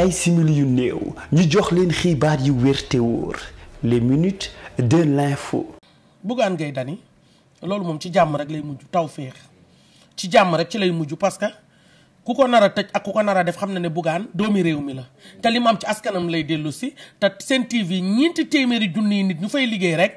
ay simili yu néew ñu jox leen xibaar yu wér te wóor les minutes de l'info. Bougane Gueye Dany loolu moom ci jàmm rek lay mujj taw féex ci jàmm rek ci lay mujj parce que ku ko nara a tëj ak ku ko nar def xam na ne Bougane doomi réew mi la te li mu ci askanam lay dellusi si te seen TV ñeenti téeméeri junni nit ñu fay liggéey rek.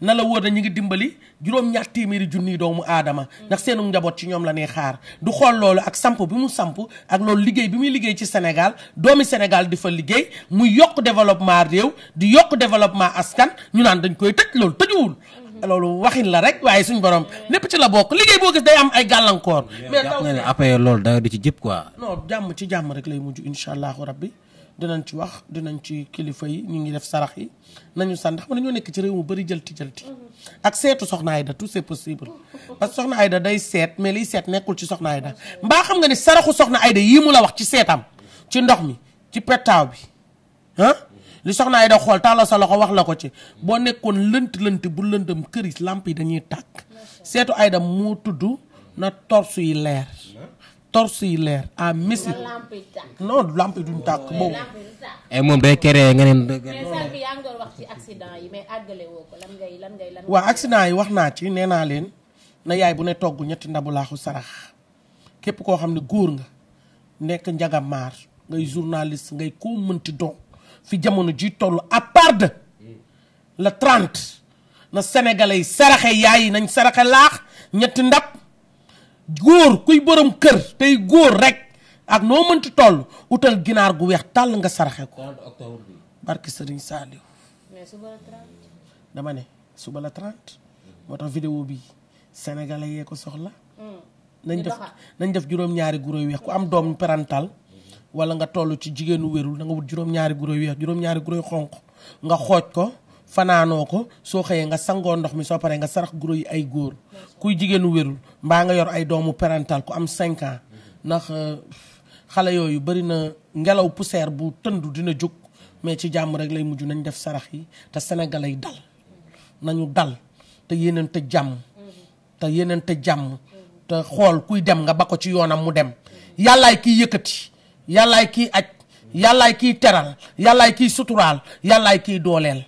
na la wóor na ñu ngi dimbali juróom-ñaar téeméeri junniy doomu aadama mm. ndax seenu njaboot ci ñoom la ñuy xaar du xool loolu ak samp bi mu samp ak loolu liggéey bi muy liggéey ci Sénégal doomi Sénégal di fa liggéey muy yokk développement réew di yokk développement askan ñu naan dañ koy tëj loolu tëjuwul loolu waxin la rek waaye suñ borom lépp ci la bokk liggéey boo gis day am ay gàllankoor. mais taw ne après loolu da di ci jëpp quoi. non jàmm ci jàmm rek lay mujj incha allahu rabbi dinañ ci wax dinañ ci kilifa yi ñu ngi def sarax yi nañu sànni xam ne ñoo nekk ci réew mu bëri jëlti jëlti mm-hmm. ak seetu soxna Aida tout c'est possible parce que soxna Aida day seet mais liy seet nekkul ci soxna Aida mbaa xam nga ni saraxu soxna Aida yii mu la wax ci seetam ci ndox mi ci pettaaw bi li soxna ay da xool tàllal sa loxo wax la ko ci boo nekkoon lënt lënt bu lëndam këris làmp yi dañuy tàkk seetu ay da mu tudd na torse yi leer torse yi leer à mesure non làmp yi duñ tàkk boobu ay eh, moom day kere nga neen waaw accident yi wax naa ci nee naa leen na yaay bu ne togg ñetti ndabu laaxu sarax képp koo xam ne góor nga nekk njagamaar ngay journaliste ngay koo mënti doon fi jamono ji toll à part de le 30 na sénégalais yi saraxe yaay yi nañ saraxe laax ñetti ndab góor kuy borom kër tey góor rek ak noo mënti toll utal ginaar gu weex tàll nga saraxe ko. barke Serigne Saliou. mais ne suba la 30. moo tax vidéo bi sénégalais yee ko soxla. Hmm. nañ def nañ def juróom-ñaari guro yu weex ku am doom perantal wala nga toll ci jigéenu wérul da nga wut juróom-ñaari guro yu weex juróom-ñaari guro yu xonq nga xooj ko fanaanoo ko soo xëyee nga sangoo ndox mi soo paree nga sarax guro yi ay góor kuy jigéenu wérul mbaa nga yor ay doomu parental ku am 5 ans ndax euh, xale yooyu bëri na ngelaw poussière bu tëndu dina jóg mais ci jàmm rek lay mujj nañ def sarax yi te Sénégal ay dal nañu dal te yeneen te jàmm te yeneen te jàmm te xool kuy dem nga ba ko ci yoonam mu dem yàllaay kiy yëkkati yàllaay kiy aj yàllaay kiy teral yàllaay kiy suturaal yàllaay kiy dooleel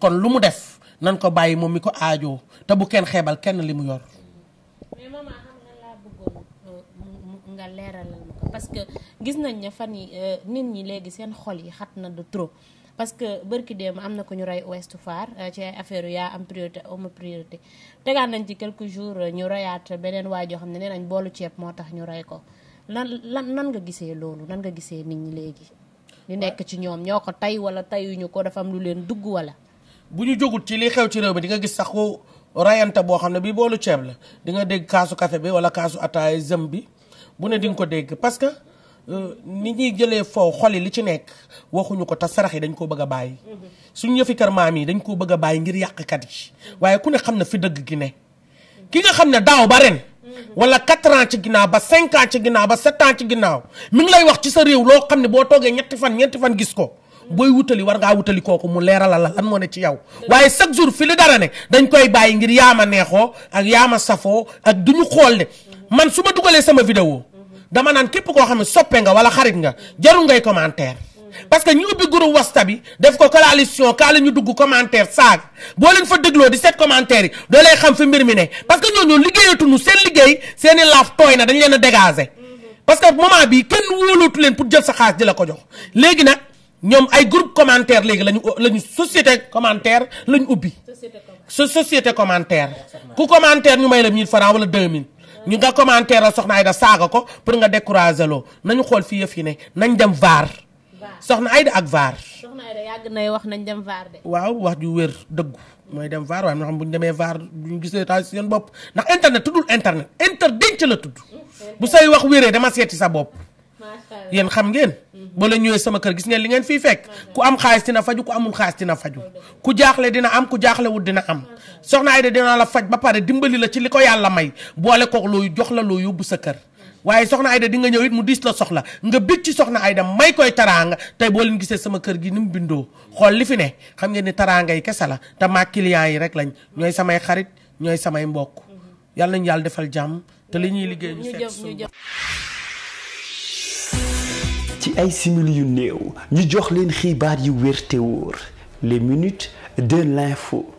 kon lu mu def nan ko bàyyi moom mi ko aajoo te bu kenn xeebal kenn li mu yor. mais nga laa bëggoon euh, parce que gis nañ ne fan yi euh, nit ñi léegi seen xol yi xat na de trop. parce que bërki démb am na ko ñu rey Ouest Foire euh, ci ay yaa am priorité am priorité tegaat nañ ci quelques jour ñu reyaat beneen waay joo xam ne nee nañ boolu ceeb moo tax ñu rey ko. nan lan nan nga gisee loolu nan nga gisee nit ñi léegi. li nekk ci ñoom ñoo ko tey wala ñu ko dafa am lu leen dugg wala. bu ñu jógut ci li xew ci réew bi di nga gis sax ku rayante boo xam ne bii boolu ceeb la di nga dégg kaasu kafe bi wala kaasu ataay zëm bi bu ne di ko dégg parce que. Euh, ni ñuy jëlee foo xoli li ci nekk waxuñu ko te sarax yi dañ koo bëgg a bàyyi mm-hmm. suñu yëfi kër maam yi dañ koo bëgg a bàyyi ngir yàqkat yi waaye ku ne xam na fi dëgg gi ne ki nga xam ne daaw ba wala 4 ans ci ginnaaw ba 5 ans ci ginnaaw ba 7 ans ci ginnaaw mi ngi lay wax ci sa réew loo xam ne boo toogee ñetti fan ñeenti fan gis ko booy wutali war ngaa wutali kooku mu leeralal la lan moo ne ci yow. waaye chaque jour fi li dara ne dañ koy bàyyi ngir yaama neexoo ak yaama safoo ak du ñu xool ne man su ma dugalee sama vidéo dama naan képp koo xam ne soppe nga wala xarit nga jarul ngay commentaire. parce que ñu ubbi groupe WhatsApp bi def ko coalition kaa la ñu dugg commentaire saag boo leen fa dégloo di seet commentaire yi doo lay xam fi mbir mi ne parce que ñooñu liggéeyatuñu seen liggéey seen i laaf tooy na dañ leen a dégager. parce que moment bi kenn wóolootu leen pour jël sa xaalis di la ko jox léegi nag ñoom ay group commentaire léegi lañu lañu société commentaire lañu ubbi. société commentaire ku commentaire ñu may la 1000 francs wala 2000. ñu nga commentaire la soxna Aida saaga ko pour nga décourager loo nañu xool fii yëf yi ne nañ dem vaar. soxna Ayda ak vaar. soxna Ayda nay wax nañ dem vaar de. waaw wax ju wér dëggu mooy dem vaar waaye na xam bu ñu demee vaar bu ñu gisee taal si seen bopp ndax internet tuddul internet inter denc la tudd. bu say wax wéree dama seeti sa bopp. yéen xam ngeen. Mhm. ba la ñëwee sama kër gis ngeen li ngeen fii fekk ku am xaalis na faju ku amul xaalis na faju ku jaaxle dina am ku jaaxlewul dina am soxna Ayda dina la faj ba pare dimbali la ci li ko yàlla may boole kook looyu jox la loo yóbbu sa kër waaye soxna Ayda di nga ñëw it mu diis la soxla nga bég ci soxna Ayda may koy taraanga tey boo leen gisee sama kër gi ni mu bindoo xool li fi ne xam ngeen ni taraanga yi kese la te maa clients yi rek lañ ñooy samay xarit ñooy samay mbokk yàlla nañu yàlla defal jàmm te lañuy liggéey ñu seet ci ay simili yu néew ñu jox leen xibaar yu wér te wóor les minutes de l'info